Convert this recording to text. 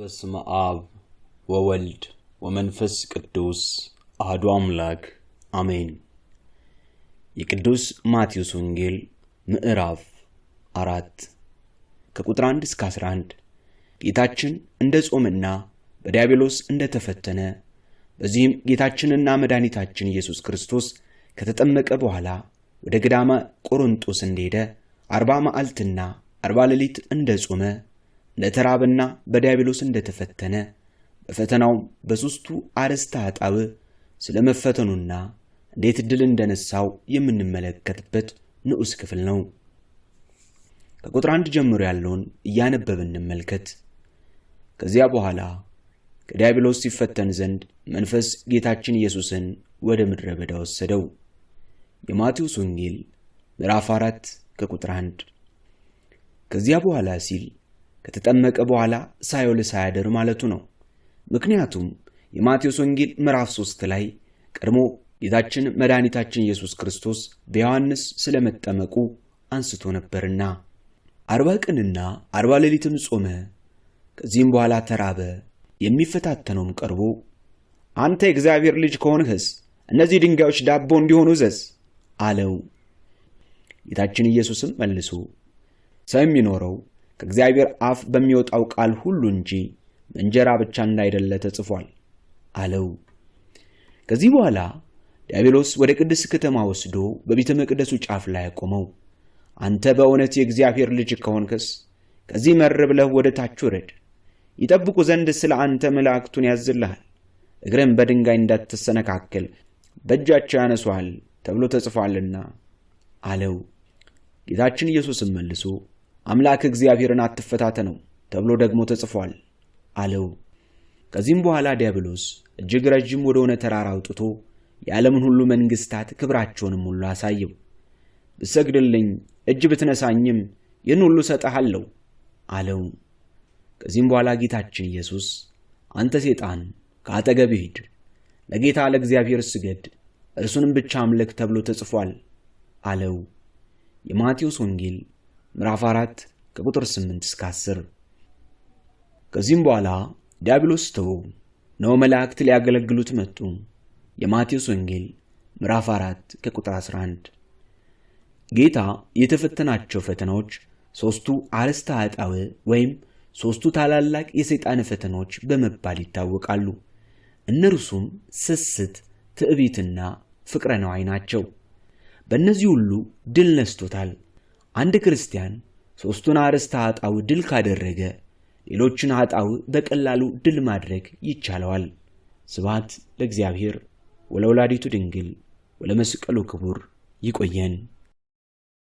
በስመ አብ ወወልድ ወመንፈስ ቅዱስ አህዱ አምላክ አሜን። የቅዱስ ማቴዎስ ወንጌል ምዕራፍ አራት ከቁጥር አንድ እስከ አስራ አንድ ጌታችን እንደ ጾምና በዲያብሎስ እንደ ተፈተነ በዚህም ጌታችንና መድኃኒታችን ኢየሱስ ክርስቶስ ከተጠመቀ በኋላ ወደ ገዳማ ቆሮንጦስ እንደሄደ አርባ ማዓልትና አርባ ሌሊት እንደ ጾመ ለተራብና በዲያብሎስ እንደተፈተነ በፈተናውም በሦስቱ አርዕስተ አጣብ ስለ መፈተኑና እንዴት ድል እንደነሳው የምንመለከትበት ንዑስ ክፍል ነው። ከቁጥር አንድ ጀምሮ ያለውን እያነበብ እንመልከት። ከዚያ በኋላ ከዲያብሎስ ሲፈተን ዘንድ መንፈስ ጌታችን ኢየሱስን ወደ ምድረ በዳ ወሰደው። የማቴዎስ ወንጌል ምዕራፍ 4 ከቁጥር 1። ከዚያ በኋላ ሲል ከተጠመቀ በኋላ ሳይውል ሳያደር ማለቱ ነው። ምክንያቱም የማቴዎስ ወንጌል ምዕራፍ 3 ላይ ቀድሞ ጌታችን መድኃኒታችን ኢየሱስ ክርስቶስ በዮሐንስ ስለመጠመቁ አንስቶ ነበርና አርባ ቀንና አርባ ሌሊትም ጾመ፣ ከዚህም በኋላ ተራበ። የሚፈታተነውም ቀርቦ አንተ የእግዚአብሔር ልጅ ከሆንህስ እነዚህ ድንጋዮች ዳቦ እንዲሆኑ እዘዝ አለው። ጌታችን ኢየሱስም መልሶ ሰው የሚኖረው ከእግዚአብሔር አፍ በሚወጣው ቃል ሁሉ እንጂ እንጀራ ብቻ እንዳይደለ ተጽፏል አለው። ከዚህ በኋላ ዲያብሎስ ወደ ቅድስት ከተማ ወስዶ በቤተ መቅደሱ ጫፍ ላይ አቆመው። አንተ በእውነት የእግዚአብሔር ልጅ ከሆንክስ ከዚህ መር ብለህ ወደ ታች ውረድ። ይጠብቁ ዘንድ ስለ አንተ መላእክቱን ያዝልሃል፣ እግርም በድንጋይ እንዳትሰነካክል በእጃቸው ያነሷል ተብሎ ተጽፏልና አለው። ጌታችን ኢየሱስም መልሶ አምላክ እግዚአብሔርን አትፈታተነው ተብሎ ደግሞ ተጽፏል አለው። ከዚህም በኋላ ዲያብሎስ እጅግ ረዥም ወደሆነ ተራራ አውጥቶ የዓለምን ሁሉ መንግሥታት ክብራቸውንም ሁሉ አሳየው። ብሰግድልኝ እጅ ብትነሳኝም ይህን ሁሉ እሰጥሃለሁ አለው። ከዚህም በኋላ ጌታችን ኢየሱስ አንተ ሴጣን ከአጠገብ ሂድ፣ ለጌታ ለእግዚአብሔር ስገድ፣ እርሱንም ብቻ አምልክ ተብሎ ተጽፏል አለው። የማቴዎስ ወንጌል ምዕራፍ 4 ከቁጥር 8 እስከ 10። ከዚህም በኋላ ዲያብሎስ ተወው፣ ነው መላእክት ሊያገለግሉት መጡ። የማቴዎስ ወንጌል ምዕራፍ 4 ከቁጥር 11። ጌታ የተፈተናቸው ፈተናዎች ሦስቱ አርእስተ ኃጣውዕ ወይም ሦስቱ ታላላቅ የሰይጣን ፈተናዎች በመባል ይታወቃሉ። እነርሱም ስስት፣ ትዕቢትና ፍቅረ ነዋይ ናቸው። በእነዚህ ሁሉ ድል ነስቶታል። አንድ ክርስቲያን ሦስቱን አርዕስተ ኃጣውዕ ድል ካደረገ ሌሎችን ኃጣውዕ በቀላሉ ድል ማድረግ ይቻለዋል። ስብሐት ለእግዚአብሔር ወለወላዲቱ ድንግል ወለመስቀሉ ክቡር። ይቆየን።